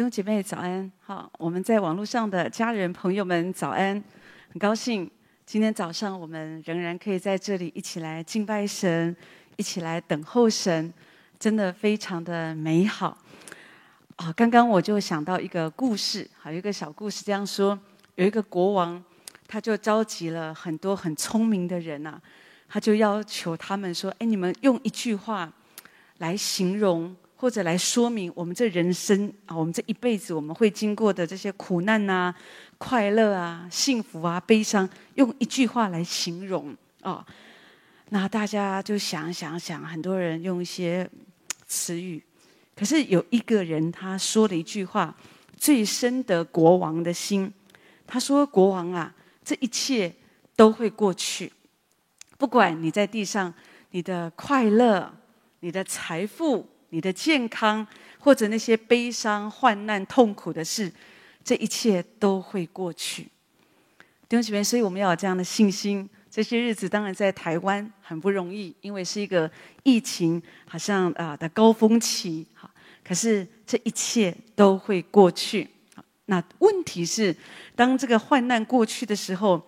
弟兄姐妹早安！好，我們在網絡上的家人朋友們早安！很高興今天早上我們仍然可以在這裡一起來敬拜神，一起來等候神，真的非常的美好。啊、哦，剛剛我就想到一個故事，好，有一個小故事這樣說：有一個國王，他就召集了很多很聰明的人吶、啊，他就要求他們說：“哎，你們用一句話來形容。”或者來說明我們這人生啊，我們這一輩子我們會經過的這些苦難吶、啊、快樂啊、幸福啊、悲傷，用一句話來形容啊、哦，那大家就想想想，很多人用一些詞語，可是有一個人他說了一句話，最深得國王的心。他說：“國王啊，這一切都會過去，不管你在地上，你的快樂，你的財富。”你的健康，或者那些悲傷、患難、痛苦的事，這一切都會過去。弟兄姊妹，所以我們要有這樣的信心。這些日子當然在台灣很不容易，因為是一個疫情好像啊的高峰期。可是這一切都會過去。那問題是，當這個患難過去的時候，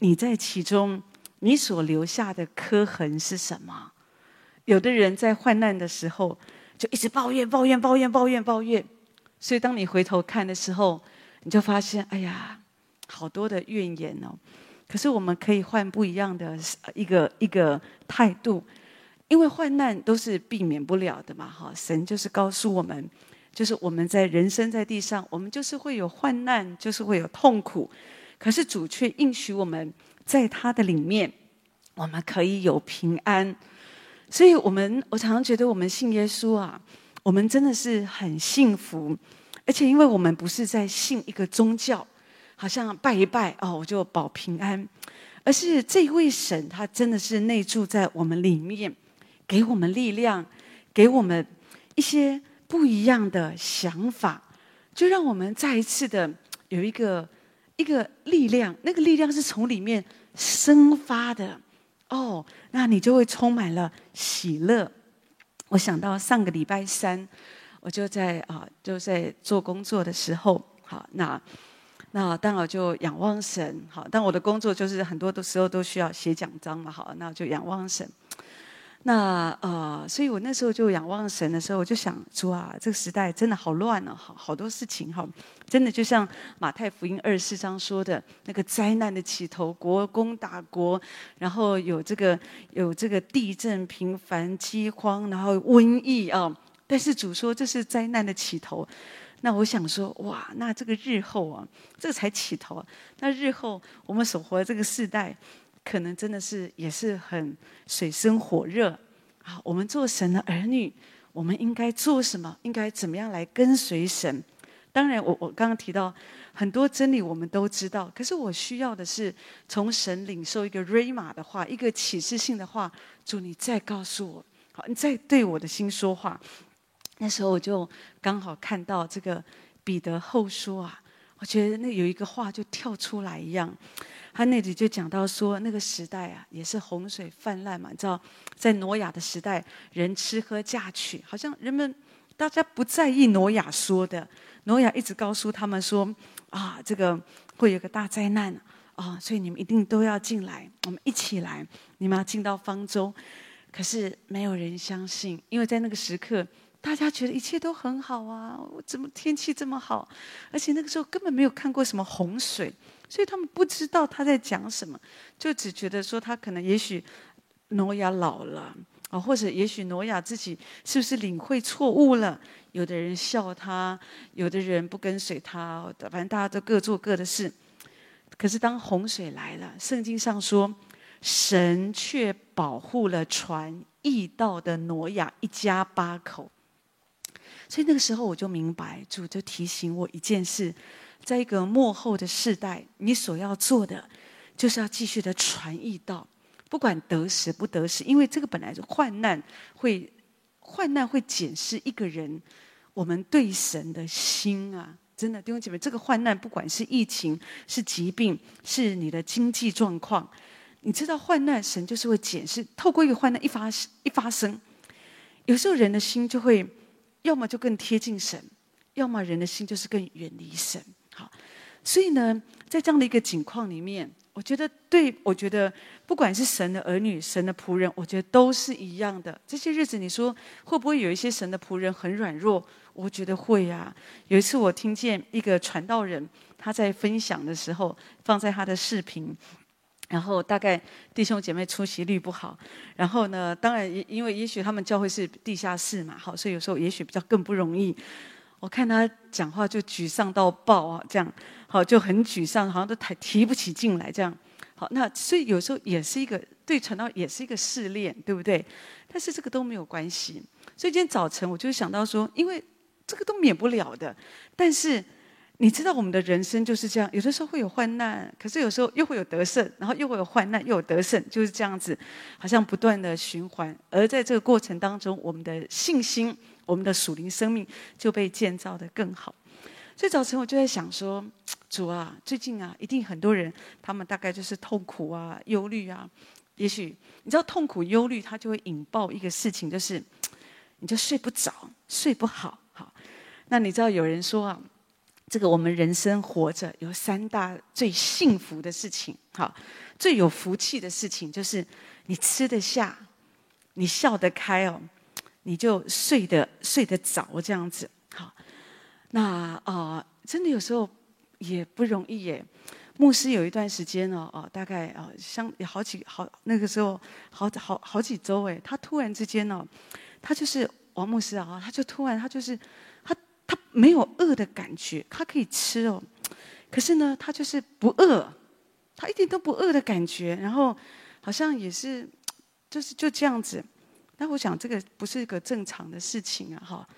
你在其中，你所留下的刻痕是什麼？有的人在患難的時候。就一直抱怨、抱怨、抱怨、抱怨，抱怨。所以，當你回頭看的時候，你就發現，哎呀，好多的怨言哦。可是，我們可以換不一樣的一個一個態度，因為患難都是避免不了的嘛。哈，神就是告訴我們，就是我們在人生在地上，我們就是會有患難，就是會有痛苦。可是主却應許我們在他的裡面，我們可以有平安。所以，我們我常常覺得，我們信耶穌啊，我們真的是很幸福，而且，因為我們不是在信一個宗教，好像拜一拜哦，我就保平安，而是這位神，他真的是內住在我們裡面，給我們力量，給我們一些不一樣的想法，就讓我們再一次的有一個一個力量，那個力量是從裡面生發的。哦，oh，那你就會充滿了喜樂。我想到上個禮拜三，我就在啊，就在做工作的時候，好，那那當我就仰望神。好，但我的工作就是很多的時候都需要寫講章嘛，好，那我就仰望神。那呃，所以我那時候就仰望神的時候，我就想說啊，這個時代真的好亂啊，好，好多事情哈、啊，真的就像馬太福音二十四章說的那個災難的起頭，國攻打國，然後有這個有這個地震、頻繁饑荒，然後瘟疫啊。但是主說這是災難的起頭，那我想說哇，那這個日後啊，這才起頭、啊，那日後我們所活的這個世代。可能真的是也是很水深火熱啊！我們做神的兒女，我們應該做什麼？應該怎麼樣來跟隨神？當然我，我我剛剛提到很多真理，我們都知道。可是我需要的是從神領受一個瑞瑪的話，一個啟示性的話。主，你再告訴我，好，你再對我的心說話。那時候我就剛好看到這個彼得後書啊，我覺得那有一個話就跳出來一樣。他那裡就講到說，那個時代啊，也是洪水泛濫嘛。你知道，在挪亞的時代，人吃喝嫁娶，好像人們大家不在意挪亞說的。挪亞一直告訴他們說：“啊，這個會有個大災難啊，所以你們一定都要進來，我們一起來，你們要進到方舟。”可是沒有人相信，因為在那個時刻，大家覺得一切都很好啊，我怎麼天氣這麼好，而且那個時候根本沒有看過什麼洪水。所以他們不知道他在講什麼，就只覺得說他可能也許挪亞老了啊，或者也許挪亞自己是不是領會錯誤了？有的人笑他，有的人不跟隨他，反正大家都各做各的事。可是當洪水來了，聖經上說，神卻保護了傳義道的挪亞一家八口。所以那個時候我就明白，主就提醒我一件事。在一個末後的世代，你所要做的，就是要繼續的傳義道，不管得時不得時，因為這個本來是患難，會患難會檢視一個人我們對神的心啊，真的弟兄姐妹，這個患難，不管是疫情、是疾病、是你的經濟狀況，你知道患難，神就是會檢視。透過一個患難一發一發生，有時候人的心就會，要麼就更貼近神，要麼人的心就是更遠離神。好，所以呢，在這樣的一個境況裡面，我覺得對，我覺得不管是神的兒女、神的僕人，我覺得都是一樣的。這些日子，你說會不會有一些神的僕人很軟弱？我覺得會啊。有一次我聽見一個傳道人他在分享的時候，放在他的視頻，然後大概弟兄姐妹出席率不好。然後呢，當然因為也許他們教會是地下室嘛，好，所以有時候也許比較更不容易。我看他講話就沮喪到爆啊，這樣好，就很沮喪，好像都提提不起勁來這樣好。那所以有時候也是一個對傳道也是一個試煉，對不對？但是這個都沒有關係。所以今天早晨我就想到說，因為這個都免不了的。但是你知道，我們的人生就是這樣，有的時候會有患難，可是有時候又會有得勝，然後又會有患難，又有得勝，就是這樣子，好像不斷的循環。而在這個過程當中，我們的信心。我們的屬靈生命就被建造得更好。所以早晨我就在想說，主啊，最近啊，一定很多人，他們大概就是痛苦啊、憂慮啊。也許你知道，痛苦、憂慮，它就會引爆一個事情，就是你就睡不着、睡不好。好。那你知道有人說啊，這個我們人生活着有三大最幸福的事情，最有福氣的事情就是你吃得下，你笑得開哦。你就睡得睡得著這樣子，好。那啊、呃，真的有時候也不容易耶。牧師有一段時間哦，哦、呃，大概、呃、像相有好幾好那個時候，好好好幾周誒，他突然之間哦，他就是王牧師啊，他就突然他就是，他他沒有餓的感覺，他可以吃哦，可是呢，他就是不餓，他一點都不餓的感覺，然後好像也是，就是就這樣子。那我想這個不是一個正常的事情啊，哈。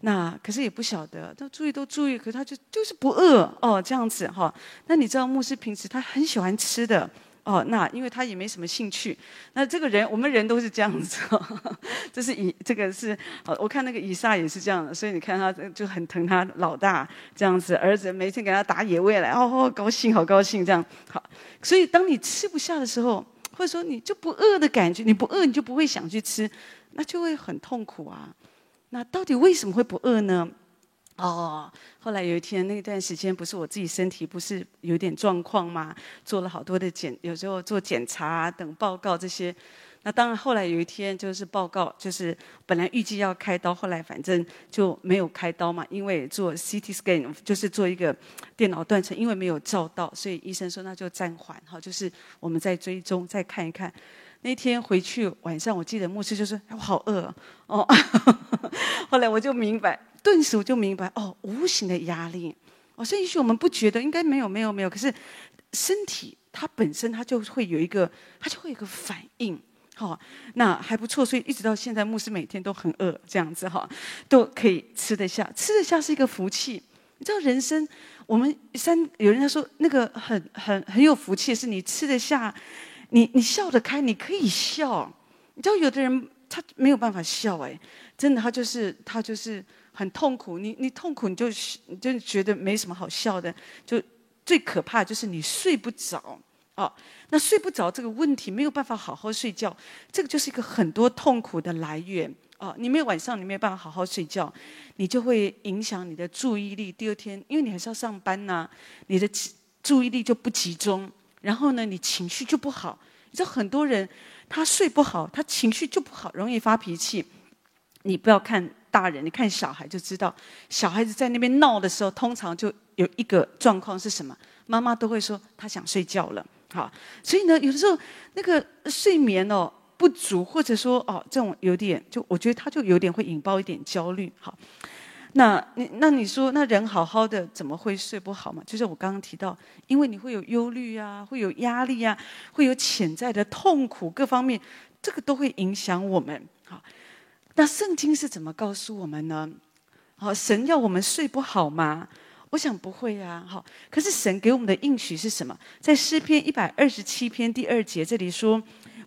那可是也不曉得，都注意都注意，可是他就就是不餓哦，這樣子哈、哦。那你知道牧師平時他很喜歡吃的哦，那因為他也沒什麼興趣。那這個人我們人都是這樣子，呵呵這是以這個是，我看那個以撒也是這樣的，所以你看他就很疼他老大這樣子，兒子每天給他打野味來，哦哦，高興，好高興這樣。好，所以當你吃不下的時候。或者說你就不餓的感覺，你不餓你就不會想去吃，那就會很痛苦啊。那到底為什麼會不餓呢？哦，後來有一天，那段時間不是我自己身體不是有點狀況嗎？做了好多的檢，有時候做檢查啊，等報告這些。那當然，後來有一天就是報告，就是本來預計要開刀，後來反正就沒有開刀嘛，因為做 CT scan 就是做一個電腦斷層，因為沒有照到，所以醫生說那就暫緩哈，就是我們再追蹤再看一看。那天回去晚上，我記得牧師就說：“我好餓、啊、哦。”後來我就明白，頓時我就明白哦，無形的壓力哦，所以也許我們不覺得，應該沒有沒有沒有，可是身體它本身它就會有一個，它就會有一個反應。好、哦，那還不錯，所以一直到現在，牧師每天都很餓，這樣子哈、哦，都可以吃得下，吃得下是一個福氣。你知道，人生我們三有人家說那個很很很有福氣，是你吃得下，你你笑得開，你可以笑。你知道，有的人他沒有辦法笑，哎，真的，他就是他就是很痛苦。你你痛苦，你就你就覺得沒什麼好笑的。就最可怕就是你睡不着。哦，那睡不着這個問題，沒有辦法好好睡覺，這個就是一個很多痛苦的來源。哦，你沒有晚上，你沒有辦法好好睡覺，你就會影響你的注意力。第二天，因為你還是要上班吶、啊，你的注意力就不集中。然後呢，你情緒就不好。你知道，很多人他睡不好，他情緒就不好，容易發脾氣。你不要看大人，你看小孩就知道，小孩子在那邊鬧的時候，通常就有一個狀況是什麼？媽媽都會說他想睡覺了。好，所以呢，有的時候那個睡眠哦不足，或者說哦這種有點，就我覺得它就有點會引爆一點焦慮。好，那那你說那人好好的怎麼會睡不好嘛？就是我剛剛提到，因為你會有憂慮啊，會有壓力啊，會有潛在的痛苦各方面，這個都會影響我們。好，那聖經是怎麼告訴我們呢？好，哦，神要我們睡不好嗎？我想不會啊，好，可是神給我們的應許是什麼？在詩篇一百二十七篇第二節這裡說：“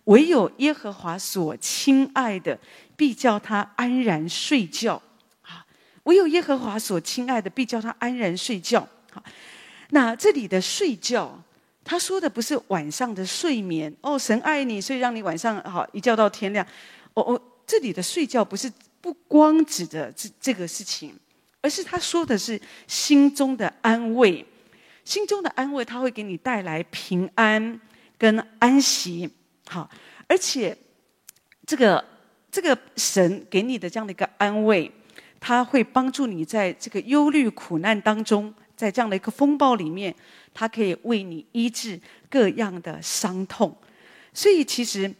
唯有耶和華所親愛的，必叫他安然睡覺。”好，唯有耶和華所親愛的，必叫他安然睡覺。好，那這裡的睡覺，他說的不是晚上的睡眠哦。神愛你，所以讓你晚上好一覺到天亮。哦哦，這裡的睡覺不是不光指的這這個事情。而是他說的是心中的安慰，心中的安慰，他會給你帶來平安跟安息。好，而且這個這個神給你的這樣的一個安慰，他會幫助你在這個憂慮苦難當中，在這樣的一個風暴裡面，他可以為你醫治各樣的傷痛。所以其實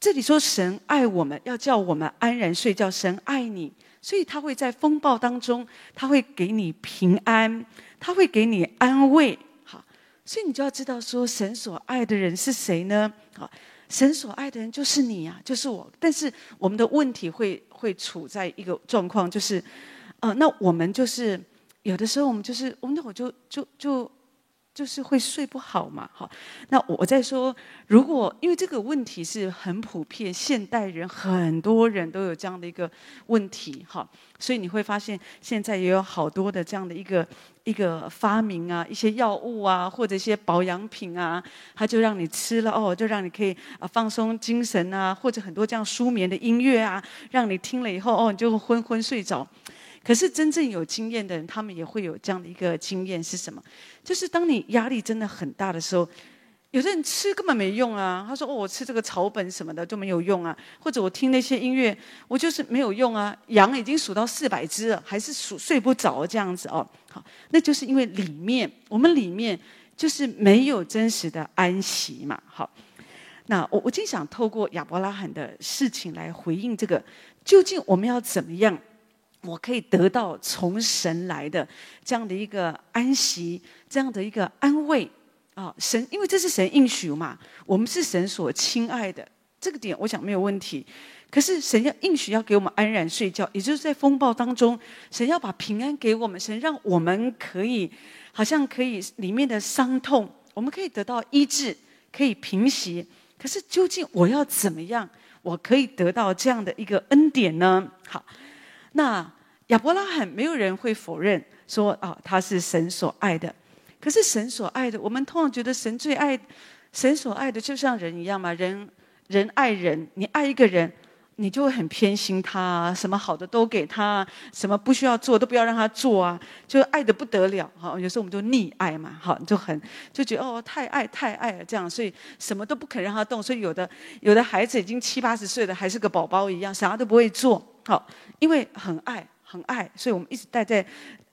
這裡說神愛我們要叫我們安然睡覺，神愛你。所以他會在風暴當中，他會給你平安，他會給你安慰，哈，所以你就要知道說，神所愛的人是誰呢？神所愛的人就是你呀、啊，就是我。但是我們的問題會會處在一個狀況，就是，呃，那我們就是有的時候我們就是，我們那會就就就。就就就是會睡不好嘛，好，那我在說，如果因為這個問題是很普遍，現代人很多人都有這樣的一個問題，好，所以你會發現現在也有好多的這樣的一個一個發明啊，一些藥物啊，或者一些保養品啊，它就讓你吃了哦，就讓你可以啊放鬆精神啊，或者很多這樣舒眠的音樂啊，讓你聽了以後哦，你就昏昏睡着。可是真正有經驗的人，他們也會有這樣的一個經驗是什麼？就是當你壓力真的很大的時候，有的人吃根本沒用啊。他說：“哦，我吃這個草本什麼的都沒有用啊，或者我聽那些音樂，我就是沒有用啊。”羊已經數到四百只了，還是數睡不着這樣子哦。好，那就是因為裡面我們裡面就是沒有真實的安息嘛。好，那我我就想透過亞伯拉罕的事情來回應這個，究竟我們要怎麼樣？我可以得到從神來的這樣的一個安息，這樣的一個安慰啊、哦！神，因為這是神應許嘛，我們是神所親愛的，這個點我想沒有問題。可是神要應許要給我們安然睡覺，也就是在風暴當中，神要把平安給我們，神讓我們可以好像可以裡面的傷痛，我們可以得到醫治，可以平息。可是究竟我要怎麼樣，我可以得到這樣的一個恩典呢？好。那亞伯拉罕，沒有人會否認說啊、哦，他是神所愛的。可是神所愛的，我們通常覺得神最愛，神所愛的就像人一樣嘛，人人愛人。你愛一個人，你就會很偏心他，什麼好的都給他，什麼不需要做都不要讓他做啊，就愛得不得了哈。有時候我們就溺愛嘛，好就很就覺得哦，太愛太愛了這樣，所以什麼都不肯讓他動。所以有的有的孩子已經七八十歲了，還是個寶寶一樣，啥都不會做。好，因為很愛，很愛，所以我們一直帶在，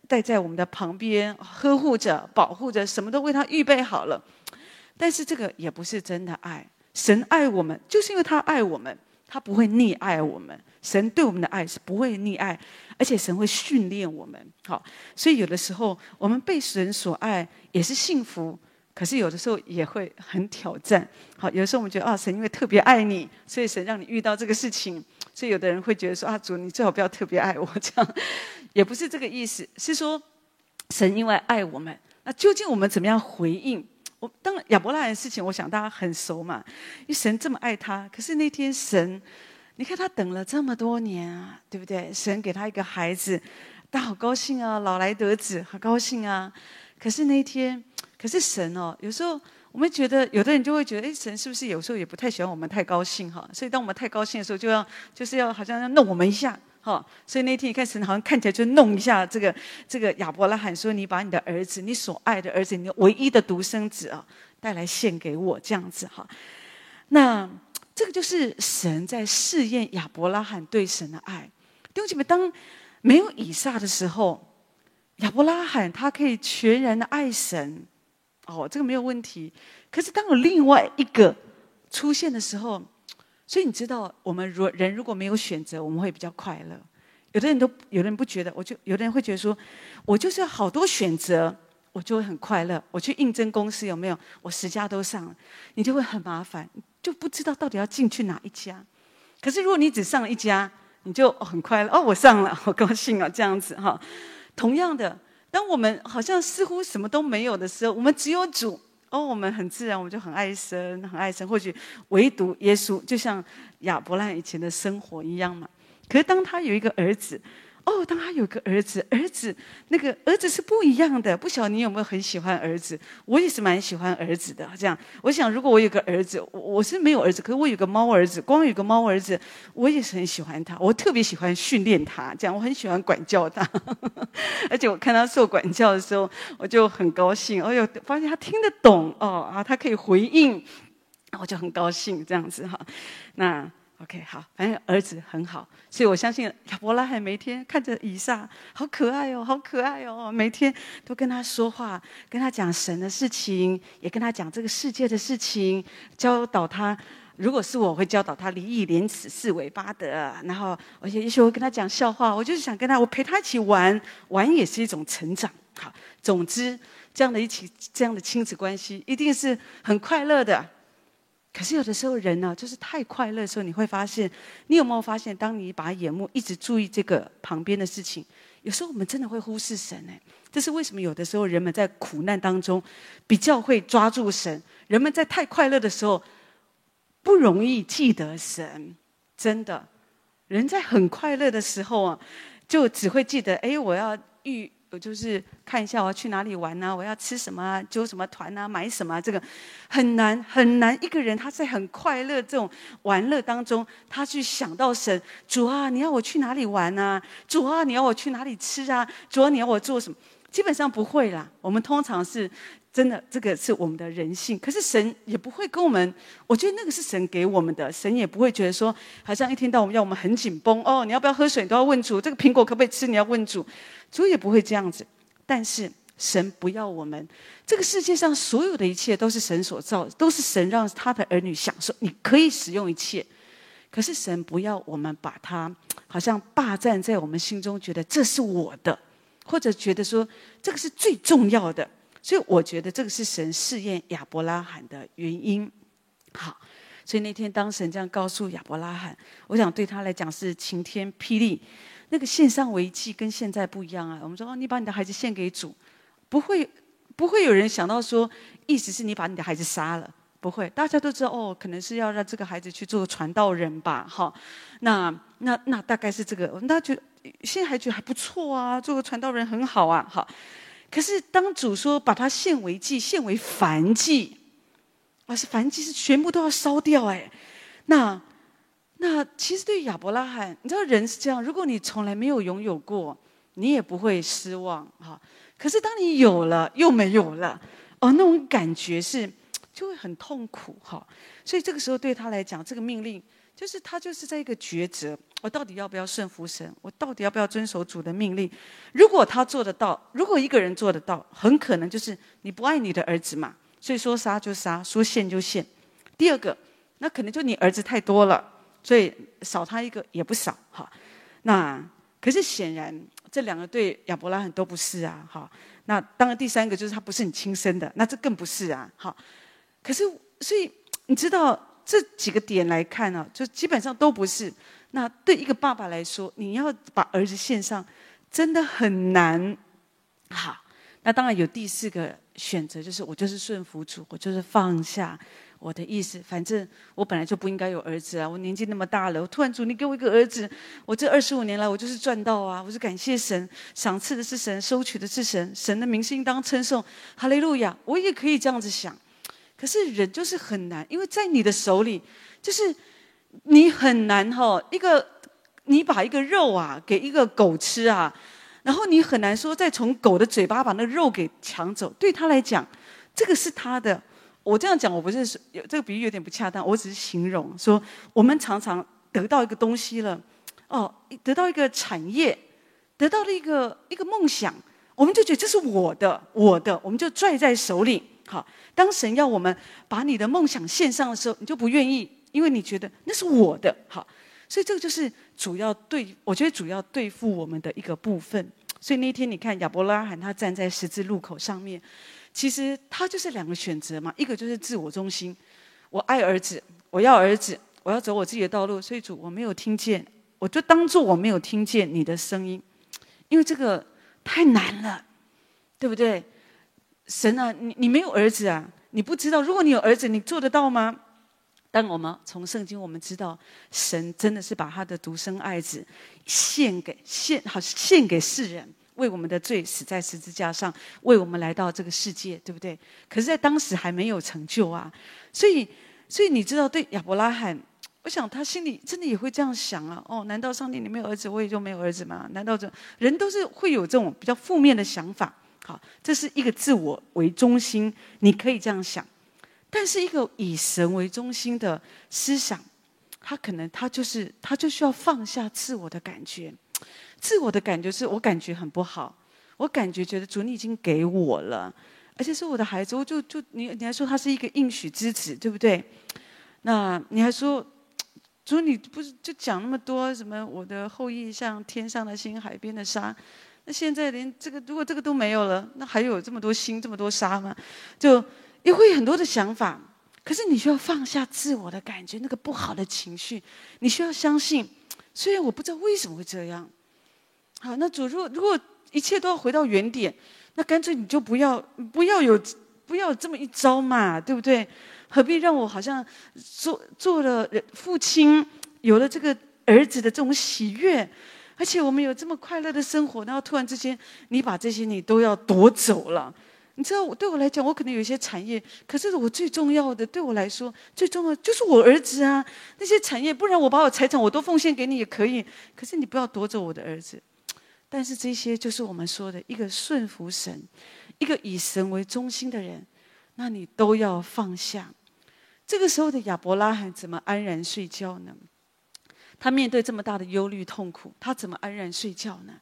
帶在我們的旁邊，呵護着，保護着，什麼都為他預備好了。但是這個也不是真的愛，神愛我們，就是因為他愛我們，他不會溺愛我們。神對我們的愛是不會溺愛，而且神會訓練我們。好，所以有的時候我們被神所愛也是幸福，可是有的時候也會很挑戰。好，有的時候我們覺得啊，神因為特別愛你，所以神讓你遇到這個事情。所以有的人會覺得說啊，主你最好不要特別愛我，這樣也不是這個意思，是說神因為愛我們，那究竟我們怎麼樣回應？我當然亞伯拉罕的事情，我想大家很熟嘛，因為神這麼愛他，可是那天神，你看他等了這麼多年啊，對不對？神給他一個孩子，他好高興啊，老來得子，好高興啊。可是那天，可是神哦，有時候。我們覺得有的人就會覺得，哎，神是不是有時候也不太喜歡我們太高興哈？所以當我們太高興的時候，就要就是要好像要弄我們一下哈。所以那天你看，神好像看起來就弄一下這個這個亞伯拉罕，說你把你的兒子，你所愛的兒子，你唯一的獨生子啊，帶來獻給我這樣子哈。那這個就是神在試驗亞伯拉罕對神的愛。弟兄姐妹，當沒有以撒的時候，亞伯拉罕他可以全然的愛神。哦，這個沒有問題。可是當有另外一個出現的時候，所以你知道，我們如人如果沒有選擇，我們會比較快樂。有的人都有的人不覺得，我就有的人會覺得說，我就是要好多選擇，我就會很快樂。我去應徵公司有沒有？我十家都上了，你就會很麻煩，就不知道到底要進去哪一家。可是如果你只上了一家，你就、哦、很快樂哦，我上了，好高興哦。這樣子哈、哦。同樣的。當我們好像似乎什麼都沒有的時候，我們只有主。哦，我們很自然，我們就很愛神，很愛神。或許唯獨耶穌，就像亞伯拉罕以前的生活一樣嘛。可是當他有一個兒子。哦，當他有個兒子，兒子那個兒子是不一樣的。不曉得你有沒有很喜歡兒子？我也是蠻喜歡兒子的。這樣，我想如果我有個兒子，我，我是沒有兒子，可是我有個貓兒子，光有個貓兒子，我也是很喜歡他。我特別喜歡訓練他，這樣我很喜歡管教他呵呵。而且我看他受管教的時候，我就很高興。哎呦，哦，發現他聽得懂哦啊，他可以回應，我就很高興。這樣子哈、哦，那。OK，好，反正兒子很好，所以我相信亞伯拉罕每天看着以撒，好可愛哦，好可愛哦，每天都跟他說話，跟他講神的事情，也跟他講這個世界的事情，教導他。如果是我，我會教導他禮義廉恥四維八德，然後而且也許會跟他講笑話。我就是想跟他，我陪他一起玩，玩也是一種成長。好，總之這樣的一起，這樣的親子關係一定是很快樂的。可是有的時候人呢、啊，就是太快樂的時候，你會發現，你有沒有發現，當你把眼目一直注意這個旁邊的事情，有時候我們真的會忽視神誒。這是為什麼？有的時候人們在苦難當中比較會抓住神，人們在太快樂的時候不容易記得神。真的，人在很快樂的時候啊，就只會記得，哎，我要遇。我就是看一下，我要去哪裡玩吶我要吃什麼啊？揪什麼團吶買什麼？這個很難很難。一個人他在很快樂這種玩樂當中，他去想到神，主啊，你要我去哪裡玩吶主啊，你要我去哪裡吃啊？主啊，你要我做什麼？基本上不會啦。我們通常是。真的，這個是我們的人性。可是神也不會跟我們，我覺得那個是神給我們的。神也不會覺得說，好像一天到晚要我們很緊繃哦，你要不要喝水你都要問主，這個蘋果可不可以吃你要問主，主也不會這樣子。但是神不要我們，這個世界上所有的一切都是神所造的，都是神讓他的兒女享受。你可以使用一切，可是神不要我們把它好像霸占在我們心中，覺得這是我的，或者覺得說這個是最重要的。所以我覺得這個是神試驗亞伯拉罕的原因。好，所以那天當神這樣告訴亞伯拉罕，我想對他來講是晴天霹靂。那個獻上為祭跟現在不一樣啊。我們說哦，你把你的孩子獻給主，不會不會有人想到說，意思是你把你的孩子殺了，不會。大家都知道哦，可能是要讓這個孩子去做傳道人吧。哈，那那那大概是這個。那就現在還覺得還不錯啊，做個傳道人很好啊。哈。可是，當主說把它獻為祭，獻為燔祭，啊、哦，是燔祭，是全部都要燒掉哎。那，那其實對於亞伯拉罕，你知道人是這樣，如果你從來沒有擁有過，你也不會失望哈、哦。可是當你有了又沒有了，哦，那種感覺是就會很痛苦哈、哦。所以這個時候對他來講，這個命令。就是他，就是在一個抉擇：我到底要不要順服神？我到底要不要遵守主的命令？如果他做得到，如果一個人做得到，很可能就是你不愛你的兒子嘛，所以說殺就殺，說獻就獻。第二個，那可能就你兒子太多了，所以少他一個也不少哈。那可是顯然這兩個對亞伯拉罕都不是啊哈。那當然第三個就是他不是你親生的，那這更不是啊哈。可是所以你知道。這幾個點來看啊，就基本上都不是。那對一個爸爸來說，你要把兒子獻上，真的很難。好，那當然有第四個選擇，就是我就是順服主，我就是放下我的意思。反正我本來就不應該有兒子啊，我年紀那麼大了，我突然主你給我一個兒子，我這二十五年來我就是賺到啊，我是感謝神，賞賜的是神，收取的是神，神的名是應當稱頌，哈利路亞，我也可以這樣子想。可是人就是很難，因為在你的手裡，就是你很難哈，一個你把一個肉啊給一個狗吃啊，然後你很難說再從狗的嘴巴把那個肉給搶走。對他來講，這個是他的。我這樣講我不認識，有這個比喻有點不恰當，我只是形容說，我們常常得到一個東西了，哦，得到一個產業，得到了一個一個夢想，我們就覺得這是我的，我的，我們就拽在手裡。好，當神要我們把你的夢想獻上的時候，你就不願意，因為你覺得那是我的。好，所以這個就是主要對，我覺得主要對付我們的一個部分。所以那一天，你看亞伯拉罕他站在十字路口上面，其實他就是兩個選擇嘛，一個就是自我中心，我愛兒子，我要兒子，我要走我自己的道路。所以主，我沒有聽見，我就當做我沒有聽見你的聲音，因為這個太難了，對不對？神啊，你你沒有兒子啊？你不知道，如果你有兒子，你做得到嗎？但我們從聖經我們知道，神真的是把他的獨生愛子獻給獻好獻給世人，為我們的罪死在十字架上，為我們來到這個世界，對不對？可是，在當時還沒有成就啊。所以，所以你知道，對亞伯拉罕，我想他心裡真的也會這樣想啊。哦，難道上帝你沒有兒子，我也就沒有兒子嗎？難道這人都是會有這種比較負面的想法？好，這是一個自我為中心，你可以這樣想，但是一個以神為中心的思想，他可能他就是他就需要放下自我的感覺，自我的感覺是我感覺很不好，我感覺覺得主你已經給我了，而且是我的孩子，我就就你你還說他是一個應許之子，對不對？那你還說主你不是就講那麼多什麼我的後裔像天上的星，海邊的沙。那現在連這個，如果這個都沒有了，那還有這麼多心，這麼多沙嗎？就也會有很多的想法。可是你需要放下自我的感覺，那個不好的情緒。你需要相信，雖然我不知道為什麼會這樣。好，那主，如果如果一切都要回到原點，那乾脆你就不要不要有不要有這麼一招嘛，對不對？何必讓我好像做做了父親，有了這個兒子的這種喜悅？而且我們有這麼快樂的生活，然後突然之間，你把這些你都要奪走了。你知道，我對我來講，我可能有一些產業，可是我最重要的，對我來說，最重要的就是我兒子啊。那些產業，不然我把我財產我都奉獻給你也可以，可是你不要奪走我的兒子。但是這些就是我們說的一個順服神，一個以神為中心的人，那你都要放下。這個時候的亞伯拉罕怎麼安然睡覺呢？他面對這麼大的憂慮痛苦，他怎麼安然睡覺呢？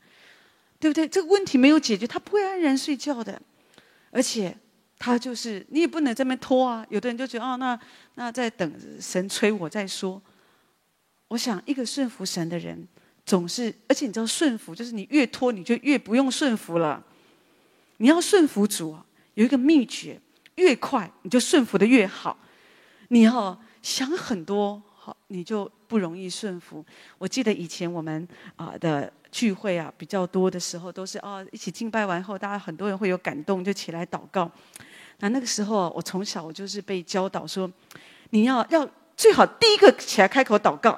對不對？這個問題沒有解決，他不會安然睡覺的。而且，他就是你也不能這麼拖啊。有的人就覺得哦，那那在等神催我再說。我想，一個順服神的人，總是而且你知道順服，就是你越拖，你就越不用順服了。你要順服主，啊，有一個秘訣，越快你就順服得越好。你要想很多，好你就。不容易順服。我記得以前我們啊的聚會啊比較多的時候，都是哦一起敬拜完後，大家很多人會有感動，就起來禱告。那那個時候，我從小我就是被教導說，你要要最好第一個起來開口禱告，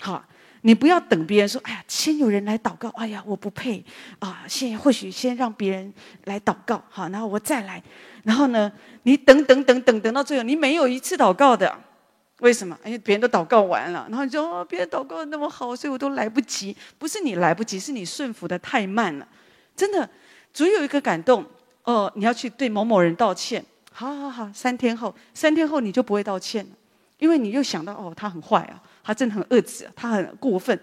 好，你不要等別人說，哎呀，先有人來禱告，哎呀，我不配啊，先或許先讓別人來禱告，好，然後我再來，然後呢，你等等，等等，等到最後，你沒有一次禱告的。為什麼？哎別人都禱告完了，然後你說哦，別人禱告的那麼好，所以我都來不及。不是你來不及，是你順服的太慢了。真的，總有一個感動哦，呃，你要去對某某人道歉。好，好好好，三天後，三天後你就不會道歉了，因為你又想到哦，他很壞啊，他真的很惡質啊，他很過分。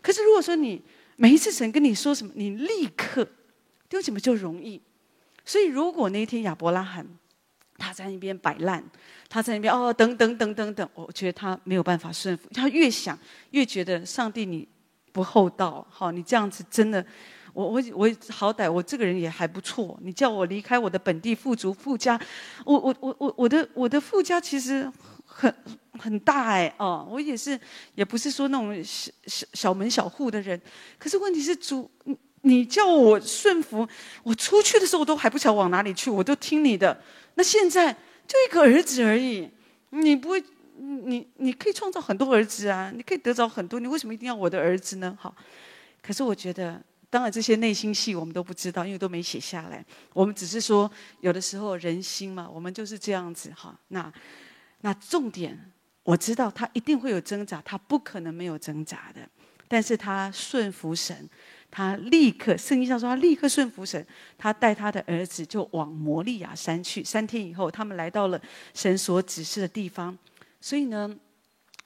可是如果說你每一次神跟你說什麼，你立刻丟什麼就容易。所以如果那一天亞伯拉罕。他在那邊擺爛，他在那邊哦，等等等等，等等，我覺得他沒有辦法順服。他越想越覺得上帝你不厚道，好，你這樣子真的，我我我好歹我這個人也還不錯，你叫我離開我的本地本族父家，我我我我我的我的父家其實很很大哎、欸、哦，我也是，也不是說那種小小門小戶的人，可是問題是主你叫我順服，我出去的時候我都還不曉得往哪裡去，我都聽你的。那現在就一個兒子而已，你不會，你你你可以創造很多兒子啊，你可以得着很多，你為什麼一定要我的兒子呢？好，可是我覺得，當然這些內心戲我們都不知道，因為都沒寫下來。我們只是說，有的時候人心嘛，我們就是這樣子哈。那那重點，我知道他一定會有掙扎，他不可能沒有掙扎的，但是他順服神。他立刻，聖經上說他立刻順服神，他帶他的兒子就往摩利亞山去。三天以後，他們來到了神所指示的地方。所以呢，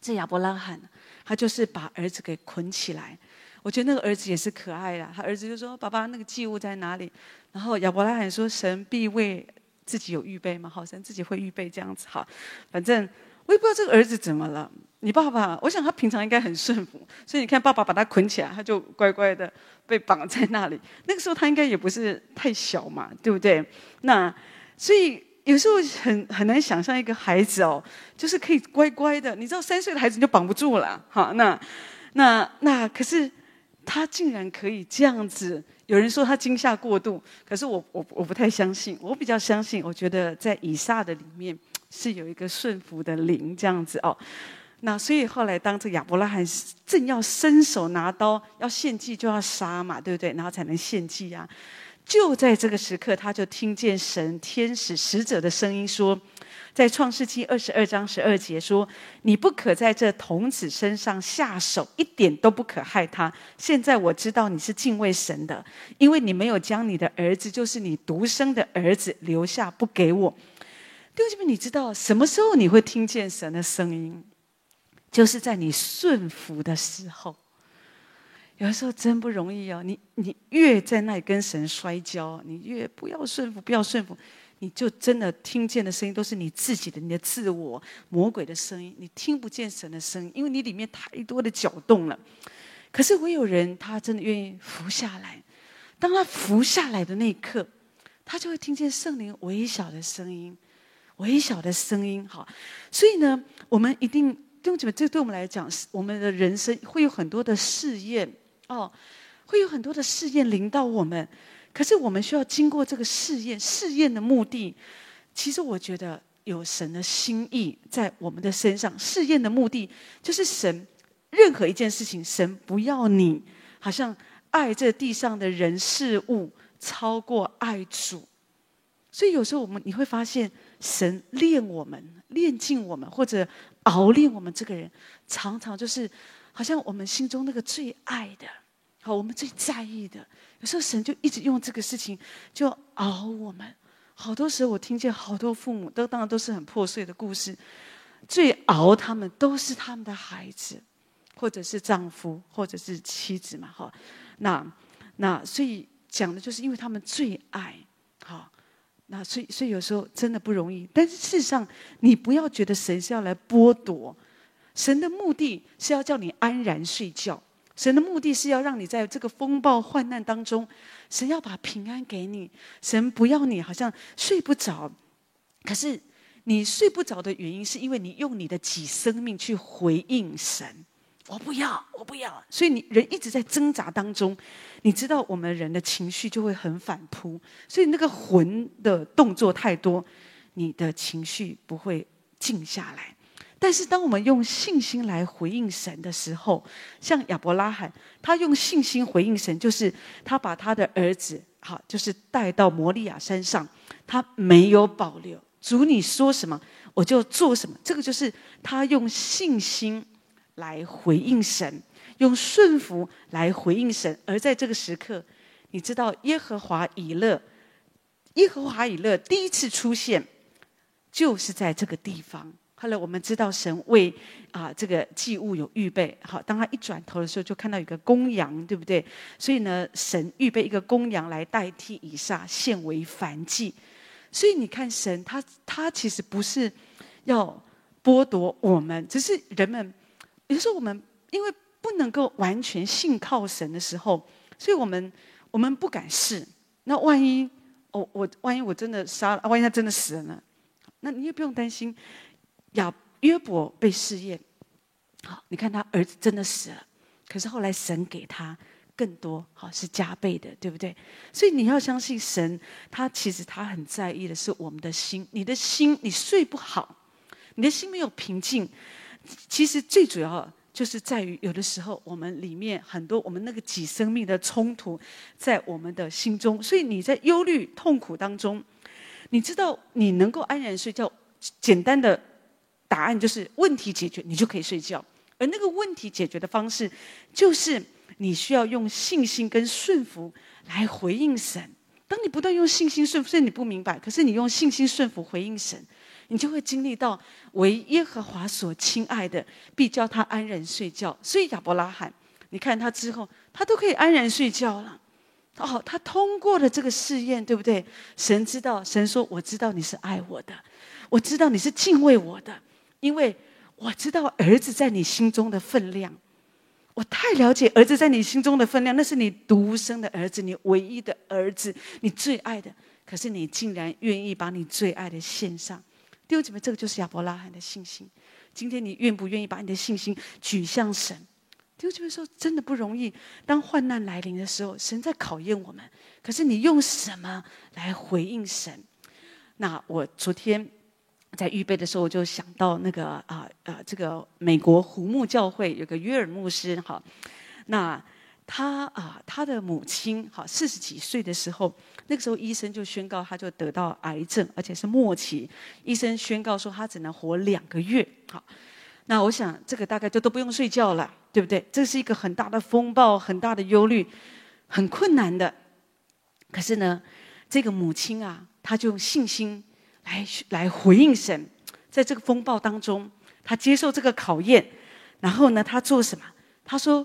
這亞伯拉罕，他就是把兒子給捆起來。我覺得那個兒子也是可愛的啊。他兒子就說：“爸爸，那個祭物在哪裡？”然後亞伯拉罕說：“神必為自己有預備嘛，好，神自己會預備這樣子哈，好。”反正。我也不知道這個兒子怎麼了。你爸爸，我想他平常應該很順服，所以你看，爸爸把他捆起來，他就乖乖的被綁在那裡。那個時候他應該也不是太小嘛，對不對？那，所以有時候很很難想象一個孩子哦，就是可以乖乖的。你知道，三歲的孩子你就綁不住了，哈。那，那那可是他竟然可以這樣子。有人說他驚嚇過度，可是我我我不太相信，我比較相信，我覺得在以撒的裡面。是有一個順服的靈這樣子哦，那所以後來當着亞伯拉罕正要伸手拿刀要獻祭就要殺嘛，對不對？然後才能獻祭啊！就在這個時刻，他就聽見神天使使者的聲音說：“在創世紀二十二章十二節說，你不可在這童子身上下手，一點都不可害他。現在我知道你是敬畏神的，因為你沒有將你的兒子，就是你獨生的兒子留下不給我。”弟兄姊妹，你知道什麼時候你會聽見神的聲音？就是在你順服的時候。有的時候真不容易啊、哦！你你越在那裡跟神摔跤，你越不要順服，不要順服，你就真的聽見的聲音都是你自己的、你的自我魔鬼的聲音，你聽不見神的聲音，因為你裡面太多的攪動了。可是，唯有人他真的願意伏下來，當他伏下來的那一刻，他就會聽見聖靈微小的聲音。微小的聲音，哈，所以呢，我們一定，因為這對我們來講，我們的人生會有很多的試驗哦，會有很多的試驗臨到我們。可是，我們需要經過這個試驗。試驗的目的，其實我覺得有神的心意在我們的身上。試驗的目的就是神，任何一件事情，神不要你好像愛這地上的人事物超過愛主。所以有時候我們你會發現。神煉我們，煉淨我們，或者熬煉我們。這個人常常就是，好像我們心中那個最愛的，好，我們最在意的。有時候神就一直用這個事情，就熬我們。好多時候我聽見好多父母，都當然都是很破碎的故事，最熬他們都是他們的孩子，或者是丈夫，或者是妻子嘛，哈。那那所以講的就是，因為他們最愛，哈。那、啊、所以，所以有時候真的不容易。但是事實上，你不要覺得神是要來剝奪，神的目的是要叫你安然睡覺。神的目的是要讓你在這個風暴患難當中，神要把平安給你。神不要你好像睡不着，可是你睡不着的原因，是因為你用你的己生命去回應神。我不要，我不要。所以你人一直在掙扎當中，你知道，我們人的情緒就會很反撲。所以那個魂的動作太多，你的情緒不會靜下來。但是，當我們用信心來回應神的時候，像亞伯拉罕，他用信心回應神，就是他把他的兒子，好，就是帶到摩利亞山上，他沒有保留，主你說什麼，我就做什麼。這個就是他用信心來回應神，用順服來回應神。而在這個時刻，你知道耶和華以勒，耶和華以勒第一次出現就是在這個地方。後來我們知道神為啊這個祭物有預備，好，當他一轉頭的時候，就看到一個公羊，對不對？所以呢，神預備一個公羊來代替以撒，獻為燔祭。所以你看神，神他他其實不是要剝奪我們，只是人們。也就是我們因為不能夠完全信靠神的時候，所以我們我們不敢試。那萬一我我萬一我真的殺了，萬一他真的死了呢，那你也不用擔心。亞約伯被試驗，好，你看他兒子真的死了，可是後來神給他更多，好是加倍的，對不對？所以你要相信神，他其實他很在意的是我們的心。你的心你睡不好，你的心沒有平靜。其實最主要就是在於，有的時候我們裡面很多我們那個己生命的衝突，在我們的心中。所以你在憂慮痛苦當中，你知道你能夠安然睡覺，簡單的答案就是問題解決，你就可以睡覺。而那個問題解決的方式，就是你需要用信心跟順服來回應神。當你不斷用信心順服，雖然你不明白，可是你用信心順服回應神。你就會經歷到唯耶和華所親愛的，必叫他安然睡覺。所以亞伯拉罕，你看他之後，他都可以安然睡覺了。哦，他通過了這個試驗，對不對？神知道，神說我知道你是愛我的，我知道你是敬畏我的，因為我知道兒子在你心中的分量。我太了解兒子在你心中的分量，那是你獨生的兒子，你唯一的兒子，你最愛的。可是你竟然願意把你最愛的獻上。弟兄姊妹，這個就是亞伯拉罕的信心。今天你願不願意把你的信心舉向神？弟兄姊妹說，真的不容易。當患難來臨的時候，神在考驗我們。可是你用什麼來回應神？那我昨天在預備的時候，我就想到那個啊啊，這個美國湖木教會有個約爾牧師，哈，那。他啊，他的母親哈，四十幾歲的時候，那個時候醫生就宣告，他就得到癌症，而且是末期。醫生宣告說，他只能活兩個月。好，那我想，這個大概就都不用睡覺了，對不對？這是一個很大的風暴，很大的憂慮，很困難的。可是呢，這個母親啊，他就用信心來來回應神，在這個風暴當中，他接受這個考驗，然後呢，他做什麼？他說：“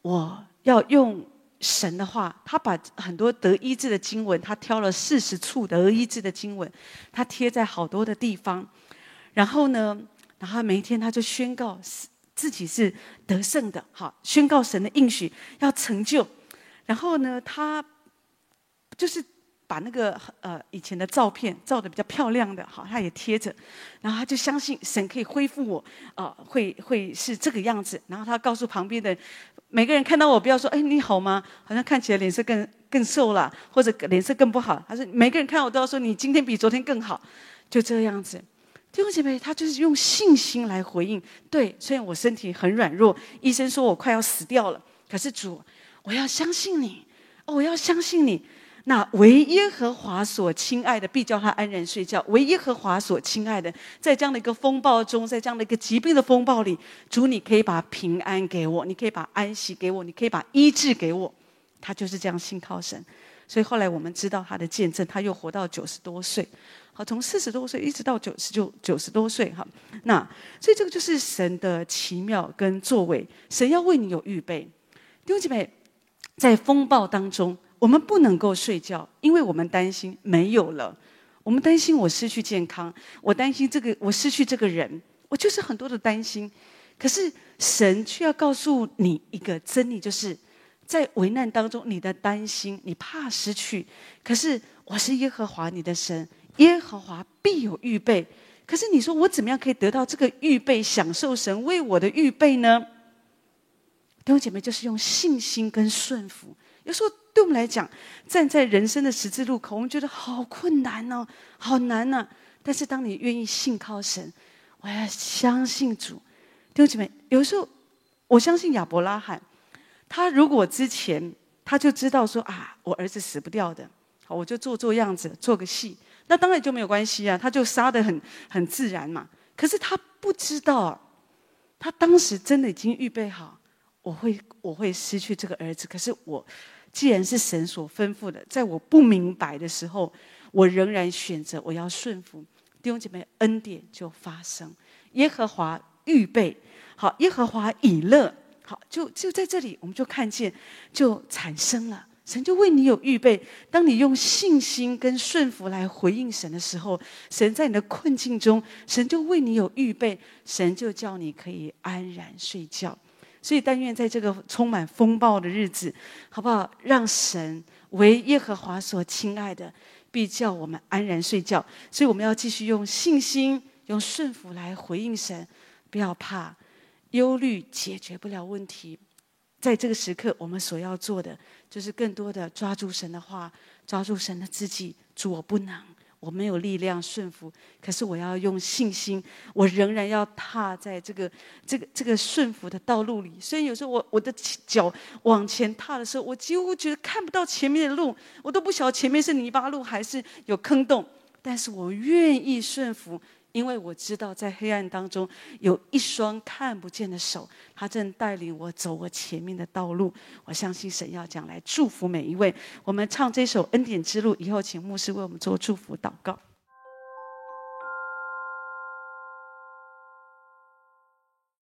我。”要用神的話，他把很多得醫治的經文，他挑了四十處得醫治的經文，他貼在好多的地方，然後呢，然後每一天他就宣告自己是得勝的，好，宣告神的應許要成就，然後呢，他就是。把那個呃以前的照片照得比較漂亮的哈，他也貼着，然後他就相信神可以恢復我，啊、呃，會會是這個樣子。然後他告訴旁邊的每個人，看到我不要說，誒，你好嗎？好像看起來臉色更更瘦了，或者臉色更不好。他說每個人看到我都要說，你今天比昨天更好，就這樣子。弟兄姐妹，他就是用信心來回應。對，雖然我身體很軟弱，醫生說我快要死掉了，可是主，我要相信你哦，我要相信你。那唯耶和華所親愛的，必叫他安然睡覺；唯耶和華所親愛的，在這樣的一個風暴中，在這樣的一個疾病的風暴裡，主，你可以把平安給我，你可以把安息給我，你可以把醫治給我。他就是這樣信靠神，所以後來我們知道他的見證，他又活到九十多歲。好，從四十多歲一直到九十九九十多歲，哈。那所以這個就是神的奇妙跟作為，神要為你有預備。弟兄姐妹，在風暴當中。我們不能夠睡覺，因為我們擔心沒有了，我們擔心我失去健康，我擔心這個我失去這個人，我就是很多的擔心。可是神卻要告訴你一個真理，就是在危難當中，你的擔心，你怕失去，可是我是耶和華你的神，耶和華必有預備。可是你說我怎麼樣可以得到這個預備，享受神為我的預備呢？弟兄姐妹，就是用信心跟順服，有時候。對我們來講，站在人生的十字路口，我們覺得好困難哦，好難呢、啊。但是當你願意信靠神，我要相信主。弟兄姊妹，有時候我相信亞伯拉罕，他如果之前他就知道說啊，我兒子死不掉的，我就做做樣子，做個戲，那當然就沒有關係啊，他就殺得很很自然嘛。可是他不知道，他當時真的已經預備好，我會我會失去這個兒子，可是我。既然是神所吩咐的，在我不明白的時候，我仍然選擇我要順服。弟兄姐妹，恩典就發生。耶和華預備。好，耶和華以勒。好，就就在這裡，我們就看見，就產生了。神就為你有預備。當你用信心跟順服來回應神的時候，神在你的困境中，神就為你有預備，神就叫你可以安然睡覺。所以，但願在這個充滿風暴的日子，好不好？讓神為耶和華所親愛的，必叫我們安然睡覺。所以，我們要繼續用信心、用順服來回應神，不要怕，憂慮解決不了問題。在這個時刻，我們所要做的，就是更多的抓住神的話，抓住神的自己。主，我不能。我沒有力量順服，可是我要用信心，我仍然要踏在這個、這個、這個順服的道路裡。所以有時候我我的腳往前踏的時候，我幾乎覺得看不到前面的路，我都不曉得前面是泥巴路還是有坑洞，但是我願意順服。因為我知道，在黑暗當中有一雙看不見的手，他正帶領我走我前面的道路。我相信神要將來祝福每一位。我們唱這首《恩典之路》以後，請牧師為我們做祝福禱告。